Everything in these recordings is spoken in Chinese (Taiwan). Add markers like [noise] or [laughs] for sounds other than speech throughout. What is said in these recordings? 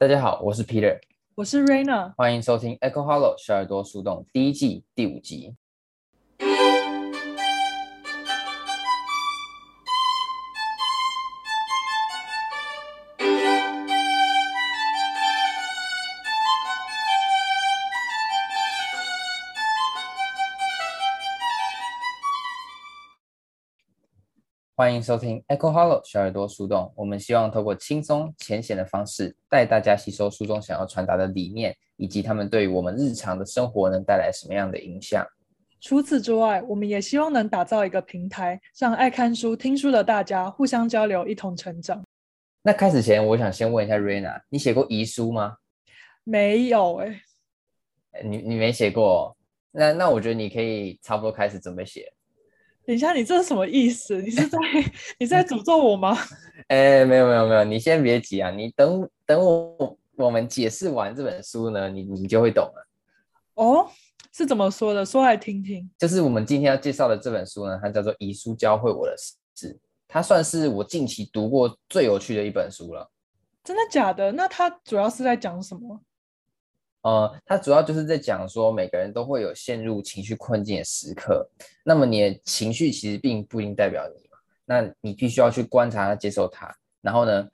大家好，我是 Peter，我是 Rena，歡迎收聽《Echo Hollow 小耳朵樹洞》第一季第五集。歡迎收聽 Echo Hollow 小耳朵樹洞。我們希望透過輕鬆淺顯的方式，帶大家吸收書中想要傳達的理念，以及他們對我們日常的生活能帶來什麼樣的影響。除此之外，我們也希望能打造一個平台，讓愛看書、聽書的大家互相交流，一同成長。那開始前，我想先問一下 Raina，你寫過遺書嗎？沒有誒、欸，你你沒寫過、哦，那那我覺得你可以差不多開始準備寫。等一下，你這是什麼意思？你是在 [laughs] 你是在詛咒我嗎？哎、欸，沒有沒有沒有，你先別急啊，你等等我，我們解釋完這本書呢，你你就會懂了。哦，是怎麼說的？說來聽聽。就是我們今天要介紹的這本書呢，它叫做《遺書教會我的事》，它算是我近期讀過最有趣的一本書了。真的假的？那它主要是在講什麼？呃，他主要就是在講說，每個人都會有陷入情緒困境的時刻。那麼，你的情緒其實並不一定代表你。那你必須要去觀察它，接受它，然後呢，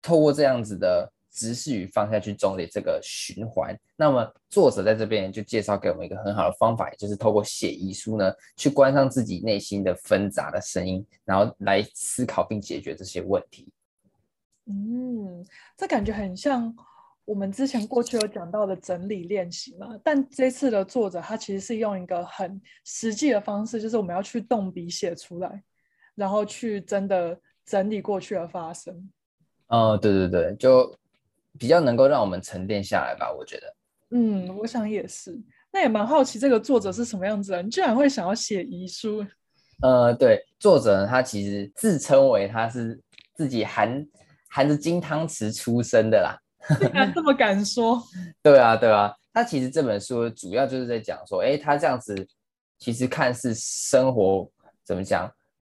透過這樣子的直視與放下，去終結這個循環。那麼，作者在這邊就介紹給我們一個很好的方法，就是透過寫遺書呢，去關上自己內心的紛雜的聲音，然後來思考並解決這些問題。嗯，這感覺很像。我們之前過去有講到的整理練習嘛，但這次的作者他其實是用一個很實際的方式，就是我們要去動筆寫出來，然後去真的整理過去的發生。嗯、呃，對對對，就比較能夠讓我們沉澱下來吧，我覺得。嗯，我想也是。那也蠻好奇這個作者是什麼樣子的，你居然會想要寫遺書？呃，對，作者他其實自稱為他是自己含含着金湯匙出生的啦。 [laughs] 這麼敢說？ [laughs] 對啊，對啊。他其實這本書主要就是在講說，哎，他這樣子其實看似生活，怎麼講，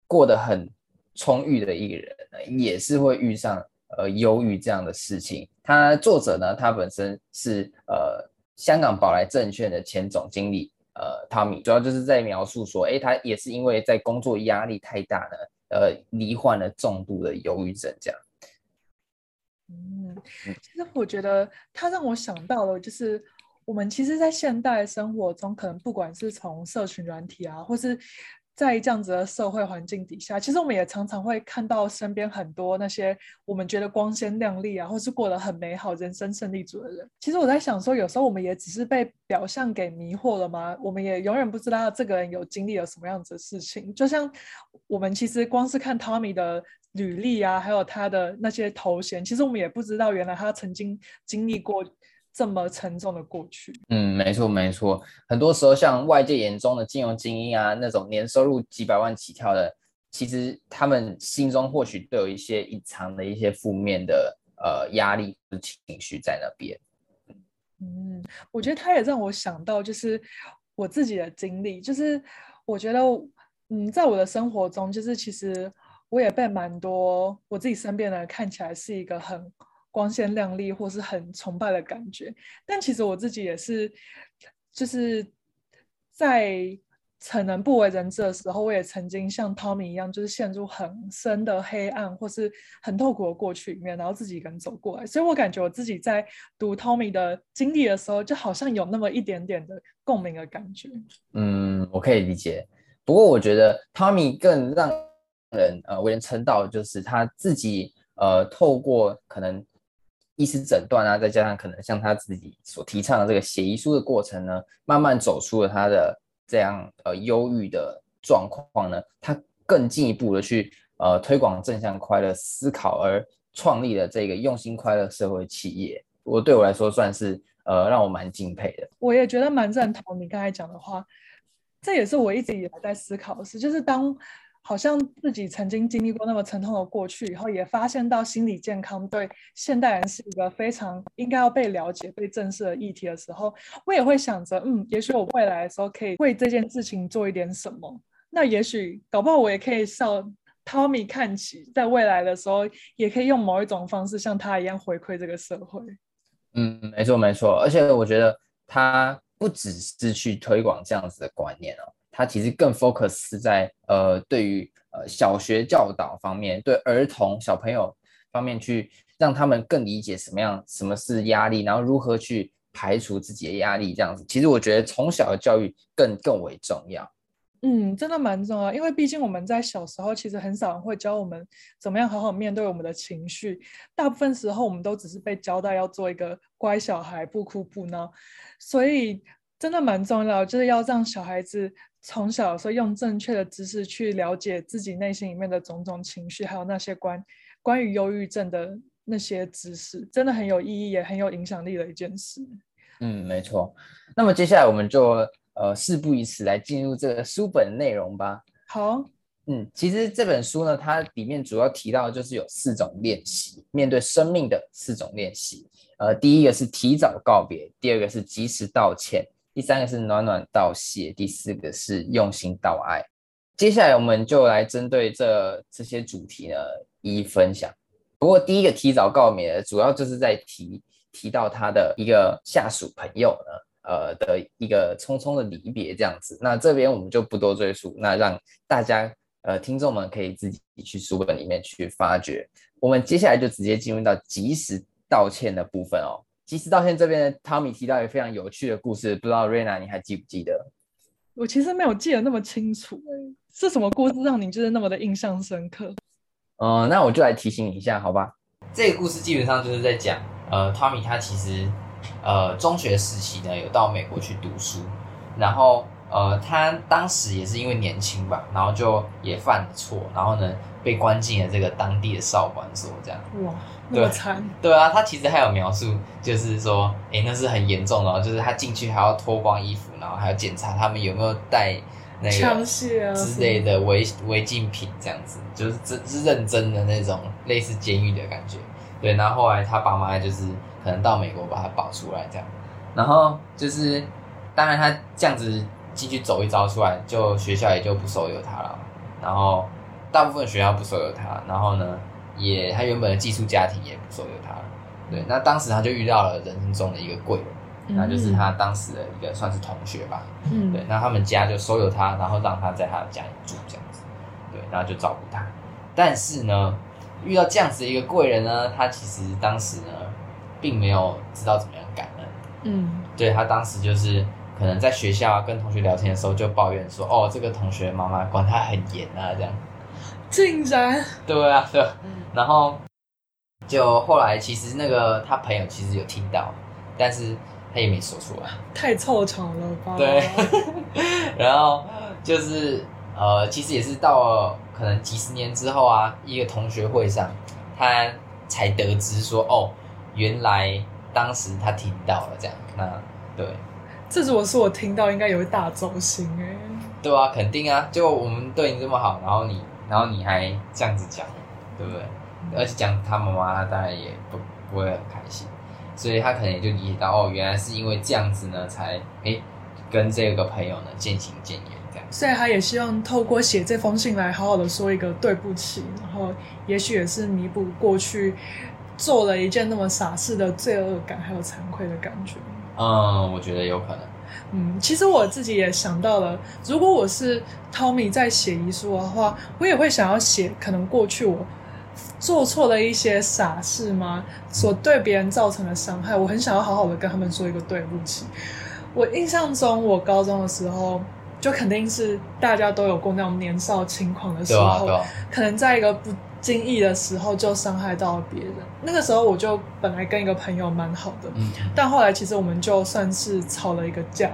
過得很充裕的一個人，也是會遇上呃憂鬱這樣的事情。他作者呢，他本身是呃香港寶來證券的前總經理呃湯米，主要就是在描述說，哎，他也是因為在工作壓力太大呢，呃，罹患了重度的憂鬱症這樣。嗯，其實我覺得他讓我想到了，就是我們其實，在現代生活中，可能不管是從社群軟體啊，或是在這樣子的社會環境底下，其實我們也常常會看到身邊很多那些我們覺得光鮮亮麗啊，或是過得很美好、人生勝利組的人。其實我在想說，有時候我們也只是被表象給迷惑了嘛，我們也永遠不知道這個人有經歷了什麼樣子的事情。就像我們其實光是看 Tommy 的。履歷啊，還有他的那些頭銜，其實我們也不知道，原來他曾經經歷過這麼沉重的過去。嗯，沒錯沒錯，很多時候像外界眼中的金融精英啊，那種年收入幾百萬起跳的，其實他們心中或許都有一些隱藏的一些負面的呃壓力和情緒在那邊。嗯，我覺得他也讓我想到，就是我自己的經歷，就是我覺得嗯，在我的生活中，就是其實。我也被蠻多我自己身邊的人看起來是一個很光鮮亮麗，或是很崇拜的感覺。但其實我自己也是，就是在可能不為人知的時候，我也曾經像 Tommy 一樣，就是陷入很深的黑暗，或是很痛苦的過去裡面，然後自己一個人走過來。所以我感覺我自己在讀 Tommy 的經歷的時候，就好像有那麼一點點的共鳴的感覺。嗯，我可以理解。不過我覺得 Tommy 更讓。人呃，為人稱道，就是他自己呃透過可能醫師診斷啊，再加上可能像他自己所提倡的這個寫遺書的過程呢，慢慢走出了他的這樣呃憂鬱的狀況呢，他更進一步的去呃推廣正向快樂思考而創立了這個用心快樂社會企業。我對我來說算是呃讓我蠻敬佩的。我也覺得蠻贊同你剛才講的話，這也是我一直以來在思考的事，就是當。好像自己曾經經歷過那麼沉痛的過去，然後，也發現到心理健康對現代人是一個非常應該要被了解、被正視的議題的時候，我也會想着，嗯，也許我未來的時候可以為這件事情做一點什麼。那也許搞不好我也可以向 Tommy 看齊，在未來的時候也可以用某一種方式像他一樣回饋這個社會。嗯，沒錯沒錯，而且我覺得他不只是去推廣這樣子的觀念哦。它其實更 focus 在呃對於呃小學教導方面，對兒童小朋友方面，去讓他們更理解什麼樣，什麼是壓力，然後如何去排除自己的壓力這樣子。其實我覺得從小的教育更更為重要。嗯，真的蠻重要，因為畢竟我們在小時候其實很少人會教我們怎麼樣好好面對我們的情緒，大部分時候我們都只是被交代要做一個乖小孩，不哭不鬧。所以真的蠻重要，就是要讓小孩子。從小的時候用正確的知識去了解自己內心裡面的種種情緒，還有那些關關於憂鬱症的那些知識，真的很有意義，也很有影響力的一件事。嗯，沒錯。那麼接下來我們就呃事不宜遲，來進入這個書本內容吧。好，嗯，其實這本書呢，它裡面主要提到的就是有四種練習，面對生命的四種練習。呃，第一個是提早告別，第二個是及時道歉。第三個是暖暖道謝，第四個是用心道愛。接下來我們就來針對這這些主題呢，一,一分享。不過第一個提早告別的主要就是在提提到他的一個下屬朋友呢，呃的一個匆匆的離別這樣子。那這邊我們就不多贅述，那讓大家呃聽眾們可以自己去書本裡面去發掘。我們接下來就直接進入到及時道歉的部分哦。其實到現在這邊，Tommy 提到一個非常有趣的故事，不知道 Rena 你還記不記得？我其實沒有記得那麼清楚，是什麼故事讓你就是那麼的印象深刻？嗯，那我就來提醒你一下，好吧？這個故事基本上就是在講，呃，Tommy 他其實呃中學時期呢有到美國去讀書，然後。呃，他當時也是因為年輕吧，然後就也犯了錯，然後呢被關進了這個當地的少管所，這樣。哇，那麼慘。對，對啊，他其實還有描述，就是說，誒，欸，那是很嚴重的，然後就是他進去還要脫光衣服，然後還要檢查他們有沒有帶那個之類的違違，槍械啊，禁品，這樣子，就是是認真的那種類似監獄的感覺。對，然後後來他爸媽就是可能到美國把他保出來，這樣，然後就是當然他這樣子。進去走一遭，出來就學校也就不收留他了。然後大部分學校不收留他，然後呢，也他原本的寄宿家庭也不收留他。對，那當時他就遇到了人生中的一個貴人，那就是他當時的一個算是同學吧。嗯，對，那他們家就收留他，然後讓他在他的家裡住這樣子。對，然後就照顧他。但是呢，遇到這樣子的一個貴人呢，他其實當時呢，並沒有知道怎麼樣感恩。嗯，對，他當時就是。可能在學校啊，跟同學聊天的時候就抱怨說：“哦，這個同學媽媽管他很嚴啊，這樣。”竟然。對啊，對啊。嗯。然後就後來，其實那個他朋友其實有聽到，但是他也沒說出來。太湊巧了吧？對。 [laughs] 然後就是呃，其實也是到了可能幾十年之後啊，一個同學會上，他才得知說：“哦，原來當時他聽到了這樣。」那，那對。這是我聽到應該有一大走心哎，對啊，肯定啊，就我們對你這麼好，然後你，然後你還這樣子講，對不對？嗯、而且講他媽媽，他當然也不不會很開心，所以他可能也就理解到哦，原來是因為這樣子呢，才、欸、跟這個朋友呢漸行漸遠這樣。所以他也希望透過寫這封信來好好的說一個對不起，然後也許也是彌補過去做了一件那麼傻事的罪惡感還有慚愧的感覺。嗯、um，我覺得有可能。嗯，其實我自己也想到了，如果我是 Tommy 在寫遺書的話，我也會想要寫，可能過去我做錯了一些傻事嗎？所對別人造成的傷害，我很想要好好的跟他們說一個對不起。我印象中，我高中的時候，就肯定是大家都有過那種年少輕狂的時候，對啊、對啊、可能在一個不。經意的時候就傷害到了別人。那個時候我就本來跟一個朋友蠻好的，嗯，但後來其實我們就算是吵了一個架，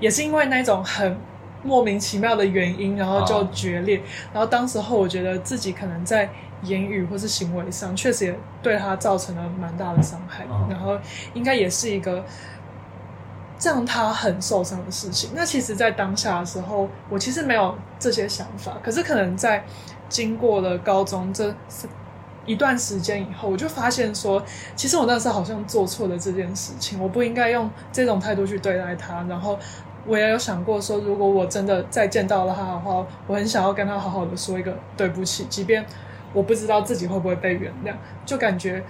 也是因為那種很莫名其妙的原因，然後就決裂。哦，然後當時候我覺得自己可能在言語或是行為上確實也對他造成了蠻大的傷害，哦，然後應該也是一個讓他很受傷的事情。那其實，在當下的時候，我其實沒有這些想法，可是可能在。經過了高中這一段時間以後，我就發現說，其實我那時候好像做錯了這件事情，我不應該用這種態度去對待他。然後我也有想過說，如果我真的再見到了他的話，我很想要跟他好好的說一個對不起，即便我不知道自己會不會被原諒，就感覺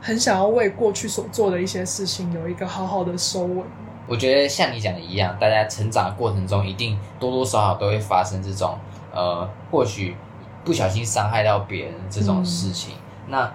很想要為過去所做的一些事情有一個好好的收尾。我覺得像你講的一樣，大家成長的過程中一定多多少少都會發生這種，呃，或許。不小心傷害到別人這種事情、嗯，那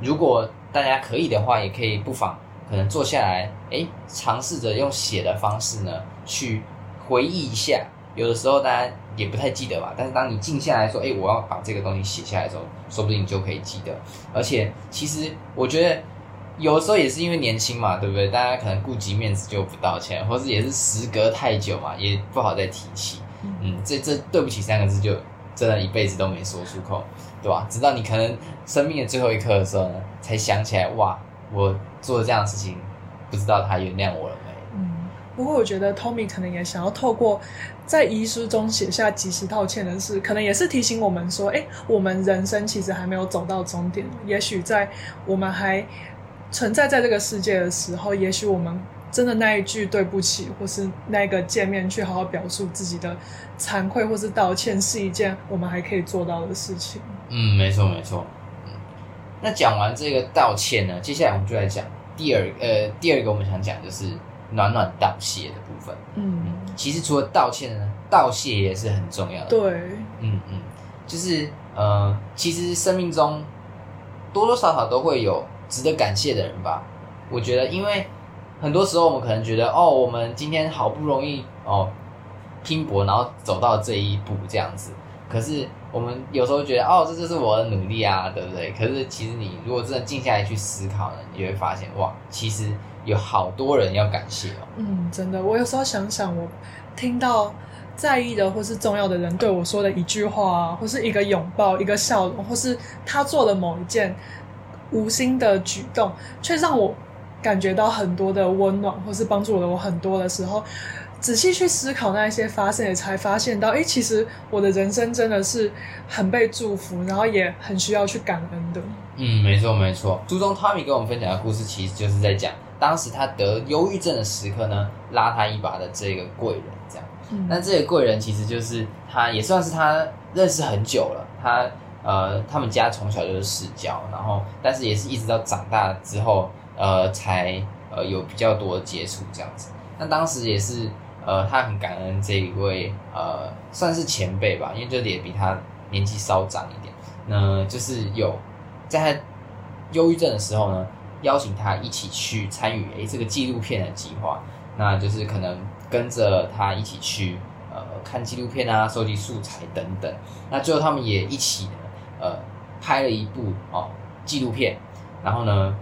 如果大家可以的話，也可以不妨可能坐下來，誒、欸，嘗試着用寫的方式呢去回憶一下。有的時候大家也不太記得吧，但是當你靜下來說，誒、欸，我要把這個東西寫下來的時候，說不定你就可以記得。而且其實我覺得有的時候也是因為年輕嘛，對不對？大家可能顧及面子就不道歉，或者也是時隔太久嘛，也不好再提起。嗯，這這對不起三個字就。真的，一輩子都沒說出口，對吧？直到你可能生命的最後一刻的時候呢，才想起來，哇，我做了這樣的事情，不知道他原諒我了沒？嗯，不過我覺得 Tommy 可能也想要透過在遺書中寫下及時道歉的事，可能也是提醒我們說，哎、欸，我們人生其實還沒有走到終點，也許在我們還存在在這個世界的時候，也許我們。真的那一句對不起，或是那個見面去好好表述自己的慚愧或是道歉，是一件我們還可以做到的事情。嗯，沒錯沒錯。嗯，那講完這個道歉呢，接下來我們就來講第二呃第二個我們想講就是暖暖道謝的部分。嗯，其實除了道歉呢，道謝也是很重要的。對，嗯嗯，就是呃，其實生命中多多少少都會有值得感謝的人吧。我覺得因為。很多時候，我們可能覺得哦，我們今天好不容易哦拼搏，然後走到這一步這樣子。可是我們有時候覺得哦，這就是我的努力啊，對不對？可是其實你如果真的靜下來去思考呢，你就會發現哇，其實有好多人要感謝哦。嗯，真的，我有時候想想，我聽到在意的或是重要的人對我說的一句話啊，或是一個擁抱、一個笑容，或是他做的某一件無心的舉動，卻讓我。感覺到很多的溫暖，或是幫助了我很多的時候，仔細去思考那一些，發生也才發現到，哎、欸，其實我的人生真的是很被祝福，然後也很需要去感恩的。嗯，沒錯沒錯。書中 Tommy 跟我們分享的故事，其實就是在講當時他得憂鬱症的時刻呢，拉他一把的這個貴人，這樣。嗯。那這個貴人其實就是他也算是他認識很久了，他呃，他們家從小就是世交，然後但是也是一直到長大之後。呃，才呃有比較多的接觸這樣子，那當時也是呃，他很感恩這一位呃，算是前輩吧，因為這裡也比他年紀稍長一點。那就是有在他憂鬱症的時候呢，邀請他一起去參與誒這個紀錄片的計劃，那就是可能跟着他一起去呃看紀錄片啊，收集素材等等。那最後他們也一起呢，呃拍了一部哦紀錄片，然後呢。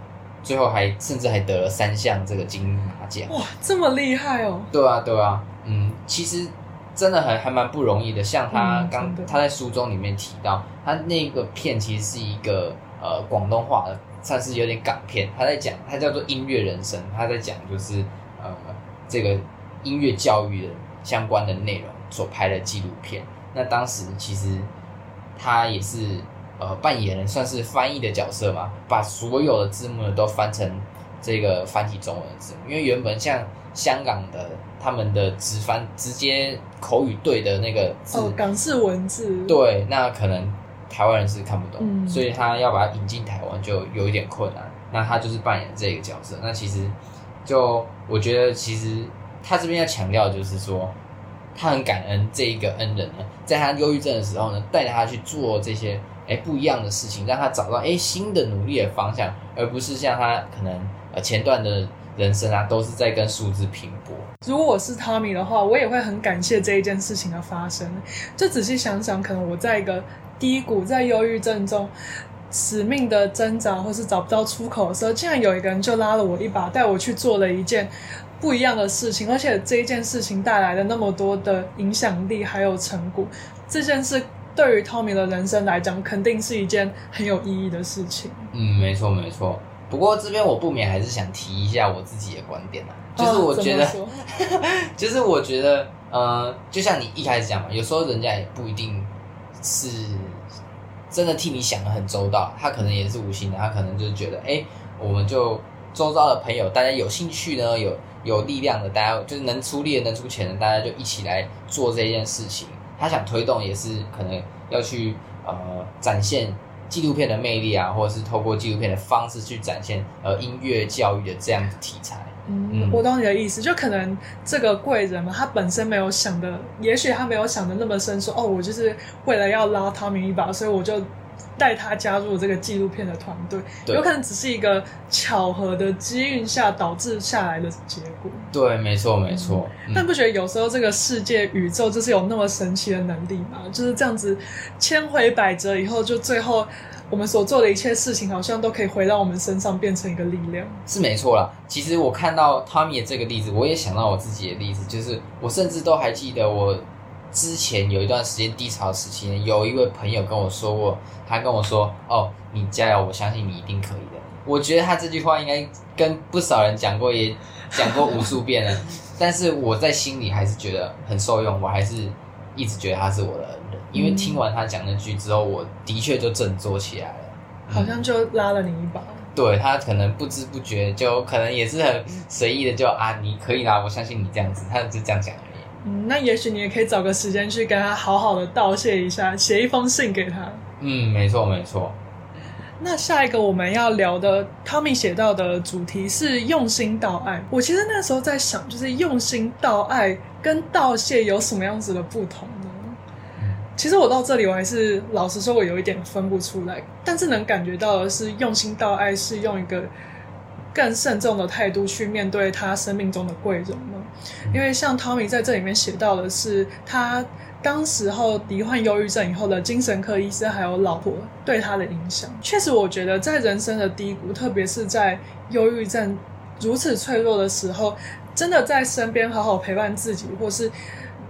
最後還甚至還得了三項這個金馬獎，哇，這麼厲害哦！對啊，對啊，嗯，其實真的很還還蠻不容易的。像他剛、嗯、他在書中裡面提到，他那個片其實是一個呃廣東話的，算是有點港片。他在講，他叫做《音樂人生》，他在講就是呃這個音樂教育的相關的內容所拍的紀錄片。那當時其實他也是。呃，扮演算是翻譯的角色嘛，把所有的字幕都翻成這個繁體中文字，因為原本像香港的他們的直翻，直接口語對的那個字，哦，港式文字對，那可能台灣人是看不懂，嗯、所以他要把它引進台灣就有一點困難。那他就是扮演這個角色。那其實就我覺得，其實他這邊要強調就是說，他很感恩這一個恩人呢，在他憂鬱症的時候呢，帶著他去做這些。哎，不一樣的事情讓他找到哎新的努力的方向，而不是像他可能呃前段的人生啊都是在跟數字拼搏。如果我是 Tommy 的話，我也會很感謝這一件事情的發生。就仔細想想，可能我在一個低谷，在憂鬱症中死命的掙扎，或是找不到出口的時候，竟然有一個人就拉了我一把，帶我去做了一件不一樣的事情，而且這一件事情帶來了那麼多的影響力還有成果，這件事。對於 Tommy 的人生來講，肯定是一件很有意義的事情。嗯，沒錯沒錯。不過這邊我不免還是想提一下我自己的觀點啊，就是我覺得，就是我覺得，嗯 [laughs] 就，呃、就像你一開始講嘛，有時候人家也不一定是真的替你想得很周到，他可能也是無心的，他可能就是覺得，哎、欸，我們就周遭的朋友，大家有興趣呢，有有力量的，大家就是能出力、能出錢的，大家就一起來做這件事情。他想推動也是可能要去呃展現紀錄片的魅力啊，或者是透過紀錄片的方式去展現呃音樂教育的這樣子的題材嗯。嗯，我懂你的意思，就可能這個貴人嘛，他本身沒有想的，也許他沒有想的那麼深說，說哦，我就是為了要拉他們一把，所以我就。帶他加入這個紀錄片的團隊，有可能只是一個巧合的機運下導致下來的結果。對，沒錯，沒錯。嗯、但不覺得有時候這個世界、嗯、宇宙就是有那麼神奇的能力嗎？就是這樣子千回百折以後，就最後我們所做的一切事情，好像都可以回到我們身上變成一個力量。是沒錯啦。其實我看到湯米的這個例子，我也想到我自己的例子，就是我甚至都還記得我。之前有一段時間低潮時期，有一位朋友跟我說過，他跟我說：“哦，你加油，我相信你一定可以的。”我覺得他這句話應該跟不少人講過，也講過無數遍了。 [laughs] 但是我在心裡還是覺得很受用，我還是一直覺得他是我的恩人、嗯。因為聽完他講那句之後，我的確就振作起來了，好像就拉了你一把。嗯、對，他可能不知不覺就可能也是很隨意的就 [laughs] 啊，你可以啦，我相信你這樣子，他就這樣講。嗯，那也許你也可以找個時間去跟他好好的道謝一下，寫一封信給他。嗯，沒錯，沒錯。那下一個我們要聊的，Tommy 寫到的主題是用心道愛。我其實那時候在想，就是用心道愛跟道謝有什麼樣子的不同呢？嗯，其實我到這裡我還是老實說，我有一點分不出來，但是能感覺到的是，用心道愛是用一個更慎重的態度去面對他生命中的貴人呢，因為像湯米在這裡面寫到的是，他當時候罹患憂鬱症以後的精神科醫生還有老婆對他的影響。確實，我覺得在人生的低谷，特別是在憂鬱症如此脆弱的時候，真的在身邊好好陪伴自己，或是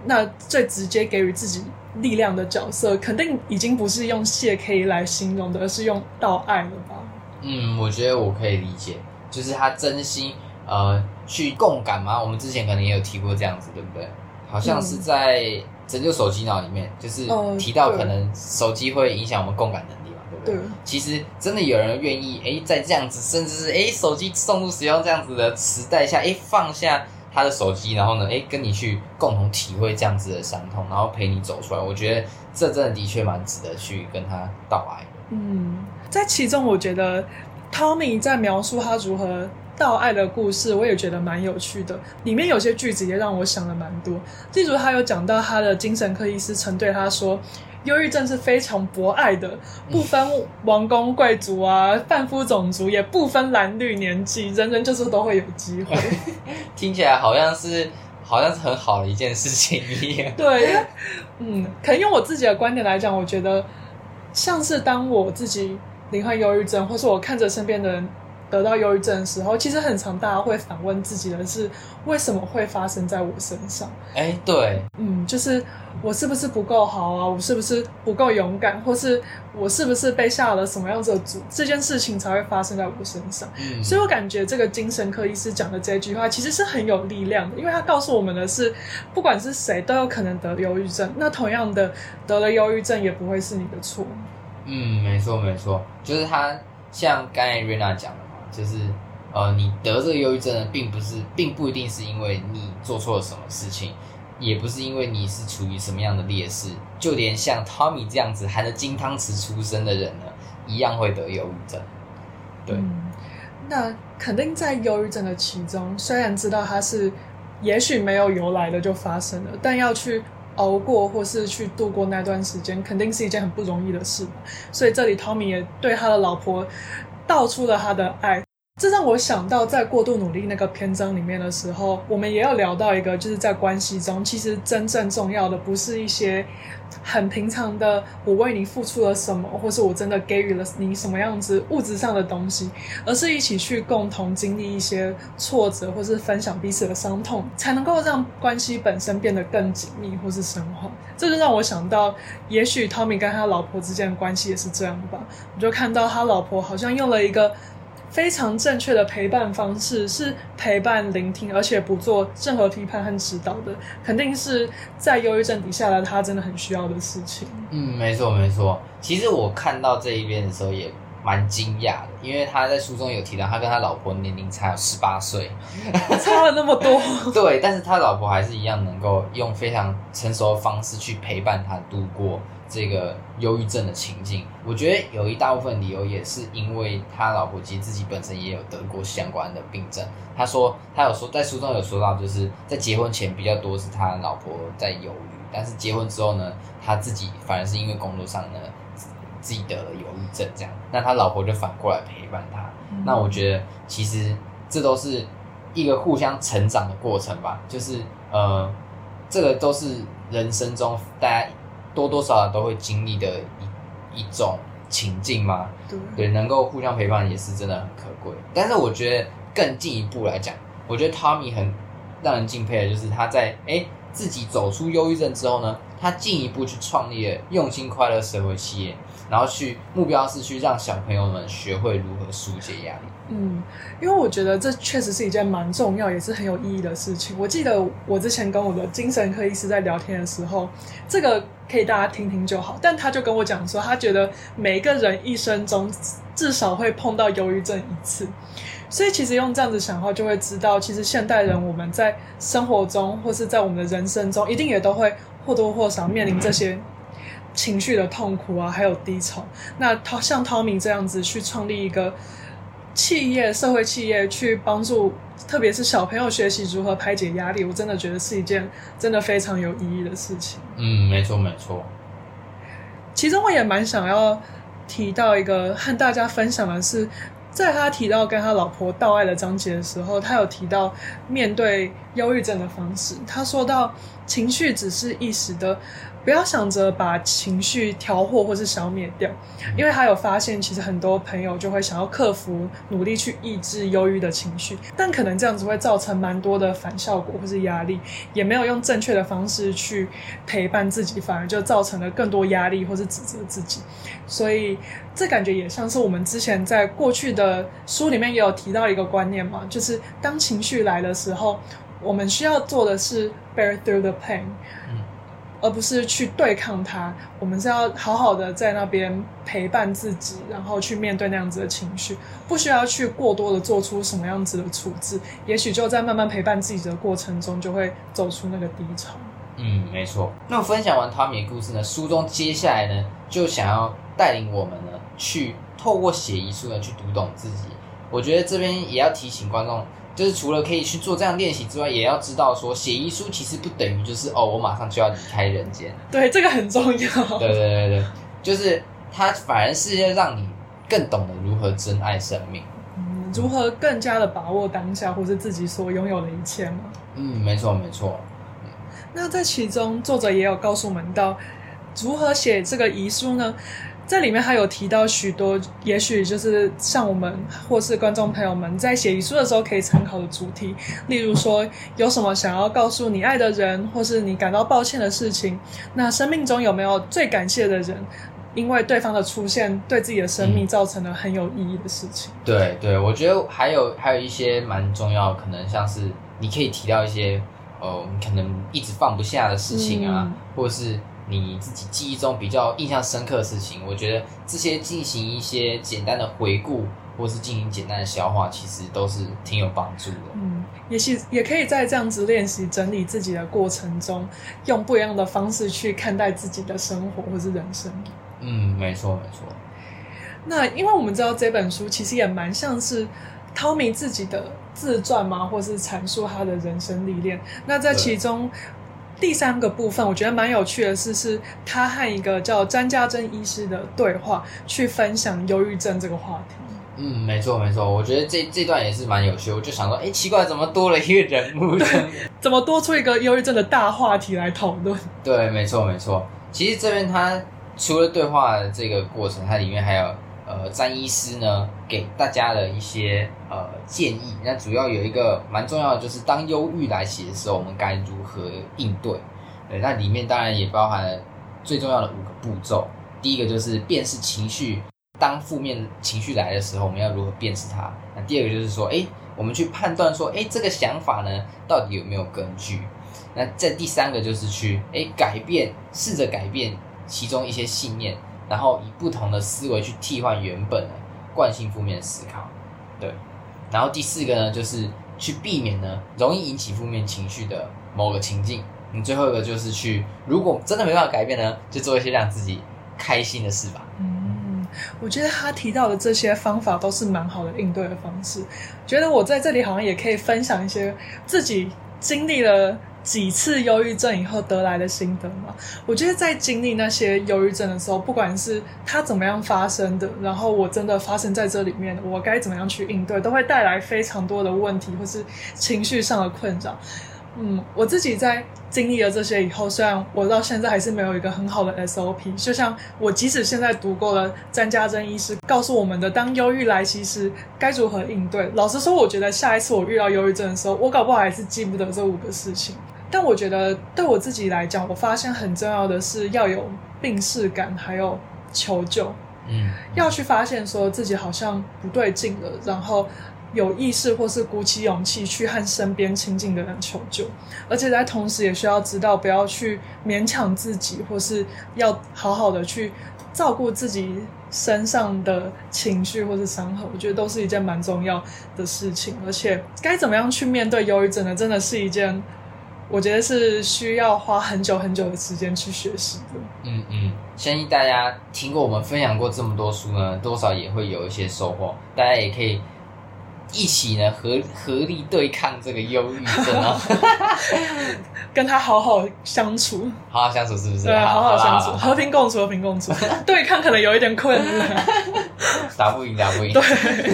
那最直接給予自己力量的角色，肯定已經不是用謝可以來形容的，而是用到愛了吧？嗯，我覺得我可以理解。就是他真心呃去共感嗎？我們之前可能也有提過這樣子，對不對？好像是在拯救手機腦裡面、嗯，就是提到可能手機會影響我們共感能力嘛、嗯對，對不對？其實真的有人願意哎、欸，在這樣子，甚至是哎、欸、手機重度使用這樣子的時代下，哎、欸、放下他的手機，然後呢，哎、欸、跟你去共同體會這樣子的傷痛，然後陪你走出來，我覺得這真的的確蠻值得去跟他道來。嗯，在其中我覺得。Tommy 在描述他如何道愛的故事，我也覺得蠻有趣的。裡面有些句子也讓我想了蠻多。例如，他有講到他的精神科醫師曾對他說：“憂鬱症是非常博愛的，不分王公貴族啊，販夫種族，也不分藍綠年紀，人人就是都會有機會。 [laughs] ”聽起來好像是，好像是很好的一件事情一樣。對，嗯，可能用我自己的觀點來講，我覺得像是當我自己。罹患憂鬱症，或是我看着身邊的人得到憂鬱症的時候，其實很常大家會反問自己的是：為什麼會發生在我身上？哎、欸，對，嗯，就是我是不是不夠好啊？我是不是不夠勇敢？或是我是不是被下了什麼樣子的詛？這件事情才會發生在我身上。嗯、所以我感覺這個精神科醫師講的這句話其實是很有力量的，因為他告訴我們的是，不管是誰都有可能得了憂鬱症，那同樣的得了憂鬱症也不會是你的錯。嗯，沒錯沒錯，就是他像剛才瑞娜講的嘛，就是呃，你得這個憂鬱症呢，並不是並不一定是因為你做錯了什麼事情，也不是因為你是處於什麼樣的劣勢，就連像湯米這樣子含着金湯匙出生的人呢，一樣會得憂鬱症。對。嗯，那肯定在憂鬱症的其中，雖然知道他是也許沒有由來的就發生了，但要去。熬過或是去度過那段時間，肯定是一件很不容易的事。所以這裡，Tommy 也對他的老婆道出了他的愛。這讓我想到，在過度努力那個篇章裡面的時候，我們也有聊到一個，就是在關係中，其實真正重要的不是一些很平常的“我為你付出了什麼”或是“我真的給予了你什麼樣子物質上的東西”，而是一起去共同經歷一些挫折，或是分享彼此的傷痛，才能夠讓關係本身變得更緊密或是深化。這就讓我想到，也許湯米跟他老婆之間的關係也是這樣吧。我就看到他老婆好像用了一個。非常正確的陪伴方式是陪伴、聆聽，而且不做任何批判和指導的，肯定是在憂鬱症底下的他真的很需要的事情。嗯，沒錯沒錯。其實我看到這一邊的時候也蠻驚訝的，因為他在書中有提到，他跟他老婆年齡差有十八歲，差了那麼多。 [laughs] 對，但是他老婆還是一樣能夠用非常成熟的方式去陪伴他度過。這個憂鬱症的情境，我覺得有一大部分理由也是因為他老婆及自己本身也有得過相關的病症。他說他有說在書中有說到，就是在結婚前比較多是他老婆在憂鬱，但是結婚之後呢，他自己反而是因為工作上呢，自己得了憂鬱症這樣。那他老婆就反過來陪伴他。嗯。那我覺得其實這都是一個互相成長的過程吧。就是呃，這個都是人生中大家。多多少少都會經歷的一一種情境嘛，對，對，能夠互相陪伴也是真的很可貴。但是我覺得更進一步來講，我覺得 Tommy 很讓人敬佩的就是他在誒自己走出憂鬱症之後呢，他進一步去創立了用心快樂社會企業。然後去目標是去讓小朋友們學會如何紓解壓力。嗯，因為我覺得這確實是一件蠻重要，也是很有意義的事情。我記得我之前跟我的精神科醫師在聊天的時候，這個可以大家聽聽就好。但他就跟我講說，他覺得每一個人一生中至少會碰到憂鬱症一次。所以其實用這樣子想的話，就會知道，其實現代人我們在生活中或是在我們的人生中，一定也都會或多或少面臨這些。情緒的痛苦啊，還有低潮。那像 Tommy 這樣子去創立一個企業，社會企業去幫助，特別是小朋友學習如何排解壓力，我真的覺得是一件真的非常有意義的事情。嗯，沒錯沒錯。其中我也蠻想要提到一個和大家分享的是，在他提到跟他老婆道愛的章節的時候，他有提到面對憂鬱症的方式。他說到情緒只是一時的。不要想着把情緒調和或是消滅掉，因為他有發現，其實很多朋友就會想要克服，努力去抑制憂鬱的情緒，但可能這樣子會造成蠻多的反效果或是壓力，也沒有用正確的方式去陪伴自己，反而就造成了更多壓力或是指責自己。所以這感覺也像是我們之前在過去的書裡面也有提到一個觀念嘛，就是當情緒來的時候，我們需要做的是 bear through the pain。而不是去對抗它，我們是要好好的在那邊陪伴自己，然後去面對那樣子的情緒，不需要去過多的做出什麼樣子的處置，也許就在慢慢陪伴自己的過程中，就會走出那個低潮。嗯，沒錯。那我分享完湯米的故事呢，書中接下來呢，就想要帶領我們呢，去透過寫遺書呢，去讀懂自己。我覺得這邊也要提醒觀眾。就是除了可以去做這樣練習之外，也要知道說寫遺書其實不等於就是哦，我馬上就要離開人間。對，這個很重要。對對對對，就是它反而是要讓你更懂得如何珍愛生命，嗯、如何更加的把握當下，或是自己所擁有的一切嗎，嗯，沒錯沒錯、嗯。那在其中，作者也有告訴我們到，如何寫這個遺書呢？這裡面還有提到許多，也許就是像我們或是觀眾朋友們在寫遺書的時候可以參考的主題，例如說有什麼想要告訴你愛的人，或是你感到抱歉的事情。那生命中有沒有最感謝的人？因為對方的出現，對自己的生命造成了很有意義的事情。嗯、對對，我覺得還有還有一些蠻重要，可能像是你可以提到一些呃，可能一直放不下的事情啊，嗯、或是。你自己記憶中比較印象深刻的事情，我覺得這些進行一些簡單的回顧，或是進行簡單的消化，其實都是挺有幫助的。嗯，也許也可以在這樣子練習整理自己的過程中，用不一樣的方式去看待自己的生活或是人生。嗯，沒錯沒錯。那因為我們知道這本書其實也蠻像是 Tommy 自己的自傳嘛，或是闡述他的人生歷練。那在其中。第三個部分，我覺得蠻有趣的是，是他和一個叫詹家珍醫師的對話，去分享憂鬱症這個話題。嗯，沒錯沒錯，我覺得這這段也是蠻有趣。我就想說，哎、欸，奇怪，怎麼多了一個人物？對， [laughs] 怎麼多出一個憂鬱症的大話題來討論？對，沒錯沒錯。其實這邊他除了對話的這個過程，它裡面還有。呃，詹醫師呢，給大家的一些呃建議，那主要有一個蠻重要的，就是當憂鬱來襲的時候，我們該如何應對？對，那裡面當然也包含了最重要的五個步驟。第一個就是辨識情緒，當負面情緒來的時候，我們要如何辨識它？那第二個就是說，哎、欸，我們去判斷說，哎、欸，這個想法呢，到底有沒有根據？那在第三個就是去，哎、欸，改變，試着改變其中一些信念。然後以不同的思維去替換原本的慣性負面思考，對。然後第四個呢，就是去避免呢容易引起負面情緒的某個情境。你、嗯、最後一個就是去，如果真的沒辦法改變呢，就做一些讓自己開心的事吧。嗯嗯，我覺得他提到的這些方法都是蠻好的應對的方式。覺得我在這裡好像也可以分享一些自己經歷了，幾次憂鬱症以後得來的心得嘛，我覺得在經歷那些憂鬱症的時候，不管是它怎麼樣發生的，然後我真的發生在這裡面，我該怎麼樣去應對，都會帶來非常多的問題或是情緒上的困擾。嗯，我自己在經歷了這些以後，雖然我到現在還是沒有一個很好的 SOP，就像我即使現在讀過了詹家珍醫師告訴我們的當憂鬱來襲時該如何應對，老實說，我覺得下一次我遇到憂鬱症的時候，我搞不好還是記不得這五個事情。但我覺得對我自己來講，我發現很重要的是要有病識感，還有求救，嗯，要去發現說自己好像不對勁了，然後有意識或是鼓起勇氣去和身邊親近的人求救，而且在同時也需要知道不要去勉強自己，或是要好好的去照顧自己身上的情緒或是傷口，我覺得都是一件蠻重要的事情，而且該怎麼樣去面對憂鬱症呢，真的是一件。我覺得是需要花很久很久的時間去學習的。嗯嗯，相信大家聽過我們分享過這麼多書呢，多少也會有一些收穫。大家也可以一起呢合合力對抗這個憂鬱症啊、喔， [laughs] 跟他好好相處，好好相處是不是？對，好好相處，和平共處，和平共處。對抗可能有一點困難 [laughs] ，打不贏，打不贏。對，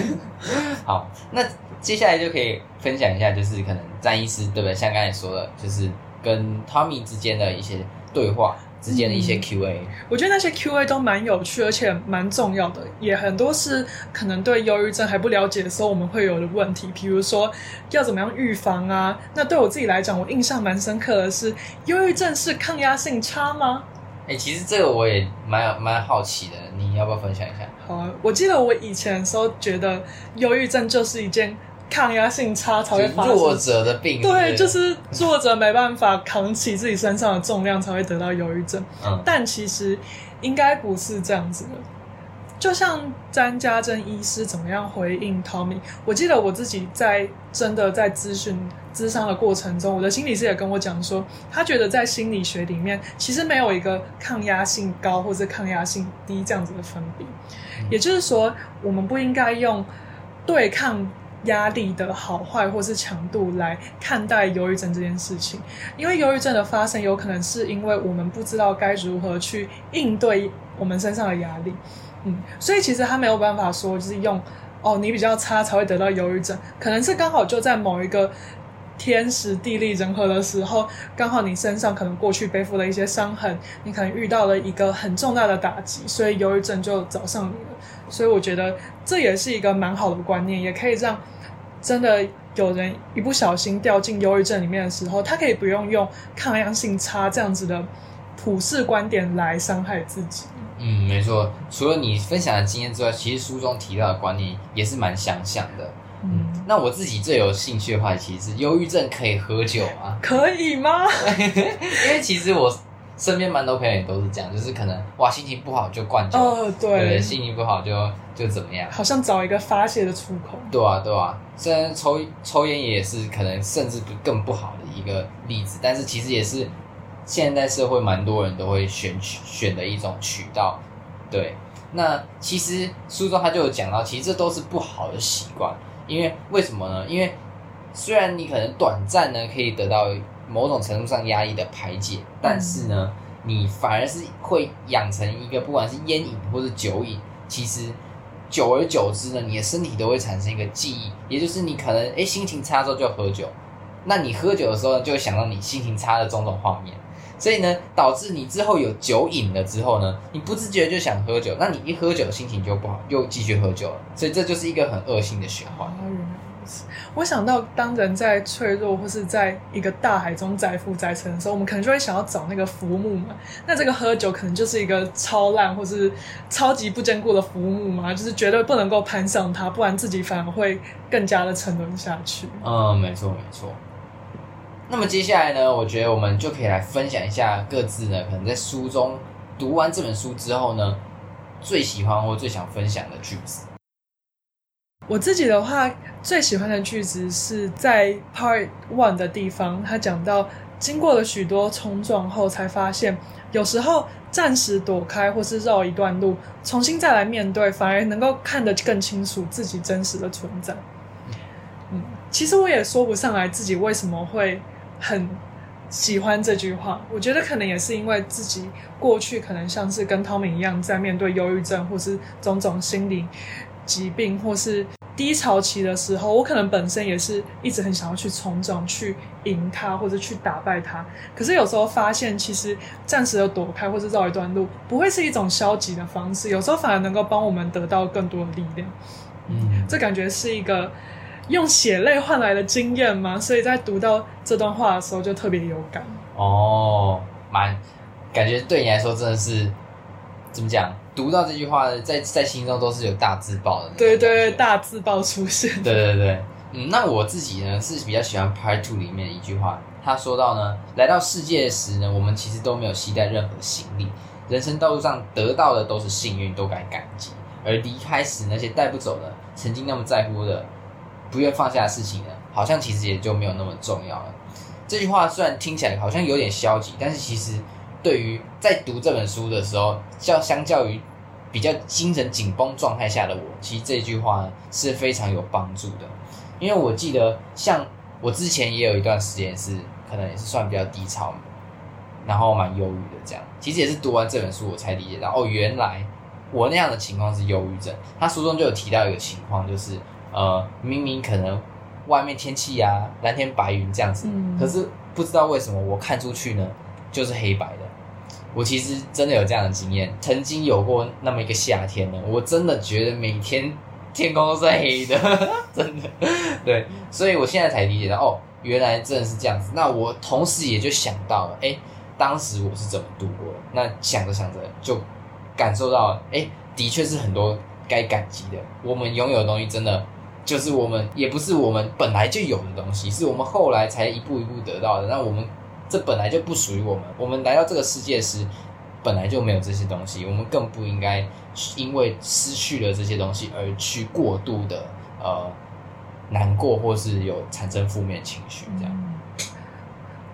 [laughs] 好，那。接下來就可以分享一下，就是可能詹醫師對不對？像剛才說的，就是跟 Tommy 之間的一些對話，之間的一些 QA、嗯。我覺得那些 QA 都蠻有趣，而且蠻重要的，也很多是可能對憂鬱症還不了解的時候，我們會有的問題，譬如說要怎麼樣預防啊。那對我自己來講，我印象蠻深刻的是，憂鬱症是抗壓性差嗎？哎、欸，其實這個我也蠻蠻好奇的，你要不要分享一下？好、啊，我記得我以前的時候覺得憂鬱症就是一件。抗壓性差才會發，弱者的病是不是，對，就是弱者沒辦法扛起自己身上的重量才會得到憂鬱症、嗯。但其實應該不是這樣子的。就像詹家珍醫師怎麼樣回應 Tommy？我記得我自己在真的在諮詢諮商的過程中，我的心理師也跟我講說，他覺得在心理學裡面其實沒有一個抗壓性高或是抗壓性低這樣子的分別、嗯、也就是說，我們不應該用對抗。壓力的好壞或是強度來看待憂鬱症這件事情，因為憂鬱症的發生有可能是因為我們不知道該如何去應對我們身上的壓力，嗯，所以其實他沒有辦法說就是用哦，你比較差才會得到憂鬱症，可能是剛好就在某一個天時地利人和的時候，剛好你身上可能過去背負了一些傷痕，你可能遇到了一個很重大的打擊，所以憂鬱症就找上你了。所以我覺得這也是一個蠻好的觀念，也可以讓真的有人一不小心掉進憂鬱症裡面的時候，他可以不用用抗壓性差這樣子的普世觀點來傷害自己。嗯，沒錯。除了你分享的經驗之外，其實書中提到的觀念也是蠻相像的嗯。嗯，那我自己最有興趣的話，其實是憂鬱症可以喝酒啊？可以嗎？ [laughs] 因為其實我身邊蠻多朋友也都是這樣，就是可能哇心情不好就灌酒，哦、呃，對、嗯，心情不好就。就怎麼樣？好像找一個發洩的出口。對啊，對啊。雖然抽抽煙也是可能，甚至更不好的一個例子，但是其實也是現在社會蠻多人都會選選的一種渠道。對，那其實書中他就有講到，其實這都是不好的習慣。因為為什麼呢？因為雖然你可能短暫呢可以得到某種程度上壓力的排解，但是呢，嗯、你反而是會養成一個不管是菸癮或是酒癮，其實。久而久之呢，你的身體都會產生一個記憶，也就是你可能誒心情差之後就喝酒，那你喝酒的時候就會想到你心情差的種種畫面，所以呢，導致你之後有酒癮了之後呢，你不自覺就想喝酒，那你一喝酒心情就不好，又繼續喝酒了，所以這就是一個很惡性的循環。嗯。我想到，當人在脆弱或是在一個大海中載浮載沉的時候，我們可能就會想要找那個浮木嘛。那這個喝酒可能就是一個超爛或是超級不堅固的浮木嘛，就是絕對不能夠攀上它，不然自己反而會更加的沉淪下去。嗯，沒錯，沒錯。那麼接下來呢，我覺得我們就可以來分享一下各自呢，可能在書中讀完這本書之後呢，最喜歡或最想分享的句子。我自己的話，最喜歡的句子是在 Part One 的地方，他講到，經過了許多衝撞後，才發現，有時候暫時躲開，或是繞一段路，重新再來面對，反而能夠看得更清楚自己真實的存在。嗯，其實我也說不上來自己為什麼會很喜歡這句話。我覺得可能也是因為自己過去可能像是跟 Tommy 一樣，在面對憂鬱症，或是種種心理。疾病或是低潮期的時候，我可能本身也是一直很想要去衝撞、去贏他或者去打敗他。可是有時候發現，其實暫時的躲開或是繞一段路，不會是一種消極的方式。有時候反而能夠幫我們得到更多的力量。嗯，這感覺是一個用血淚換來的經驗嘛。所以在讀到這段話的時候，就特別有感。哦，蠻，感覺對你來說真的是怎麼講？讀到這句話，在在心中都是有大字報的。對對對，大字報出現。 [laughs] 對對對，嗯，那我自己呢是比較喜歡 Part 2裡面的一句話，他說到呢，來到世界時呢，我們其實都沒有攜帶任何行李，人生道路上得到的都是幸運，都該感激，而離開時那些帶不走的，曾經那麼在乎的，不願放下的事情呢，好像其實也就沒有那麼重要了。這句話雖然聽起來好像有點消極，但是其實。對於在讀這本書的時候，較相較於比較精神緊繃狀態下的我，其實這句話是非常有幫助的。因為我記得，像我之前也有一段時間是可能也是算比較低潮，然後蠻憂鬱的這樣。其實也是讀完這本書我才理解到，哦，原來我那樣的情況是憂鬱症。他書中就有提到一個情況，就是呃，明明可能外面天氣呀、啊、藍天白雲這樣子、嗯，可是不知道為什麼我看出去呢就是黑白的。我其實真的有這樣的經驗，曾經有過那麼一個夏天呢。我真的覺得每天天空都是黑的，真的。對，所以我現在才理解到，哦，原來真的是這樣子。那我同時也就想到了，欸，當時我是怎麼度過的？那想着想着，就感受到，欸，的確是很多該感激的。我們擁有的東西，真的就是我們也不是我們本來就有的東西，是我們後來才一步一步得到的。那我們。這本來就不屬於我們。我們來到這個世界時，本來就沒有這些東西。我們更不應該因為失去了這些東西而去過度的呃難過，或是有產生負面情緒。這樣、嗯，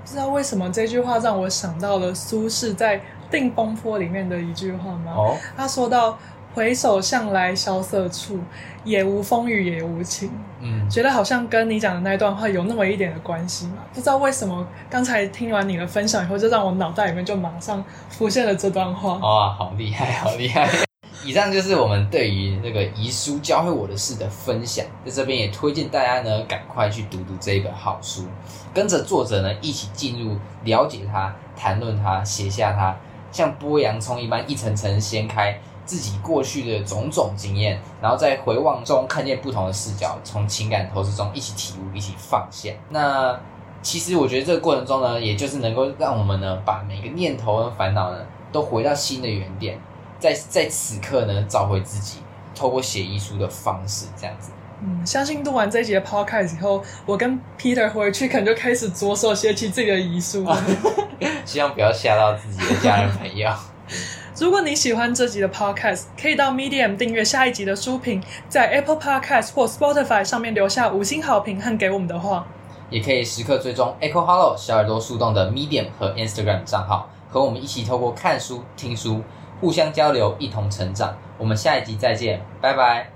不知道為什麼這句話讓我想到了蘇軾在《定風波》裡面的一句話嗎？他、哦、說到。回首向來蕭瑟處，也無風雨也無晴。嗯，覺得好像跟你講的那一段話有那麼一點的關係嘛？不知道為什麼，剛才聽完你的分享以後，就讓我腦袋裡面就馬上浮現了這段話。哇、哦啊，好厲害，好厲害！ [laughs] 以上就是我們對於那個遺書教會我的事的分享，在這邊也推薦大家呢，趕快去讀讀這一本好書，跟着作者呢一起進入了解它、談論它、寫下它，像剝洋蔥一般一層層掀開，自己過去的種種經驗，然後在回望中看見不同的視角，從情感投資中一起體悟，一起放下。那其實我覺得這個過程中呢，也就是能夠讓我們呢，把每個念頭和煩惱呢，都回到新的原點，在在此刻呢，找回自己。透過寫遺書的方式，這樣子。嗯，相信讀完這集的 podcast 以後，我跟 Peter 回去可能就開始着手寫起自己的遺書了。 [laughs] 希望不要嚇到自己的家人朋友。 [laughs] 如果你喜歡這集的 Podcast，可以到 Medium 訂閱下一集的書評，在 Apple Podcast 或 Spotify 上面留下五星好評和給我們的話，也可以時刻追蹤 Echo Hollow 小耳朵樹洞的 Medium 和 Instagram 賬號，和我們一起透過看書、聽書，互相交流，一同成長。我們下一集再見，拜拜。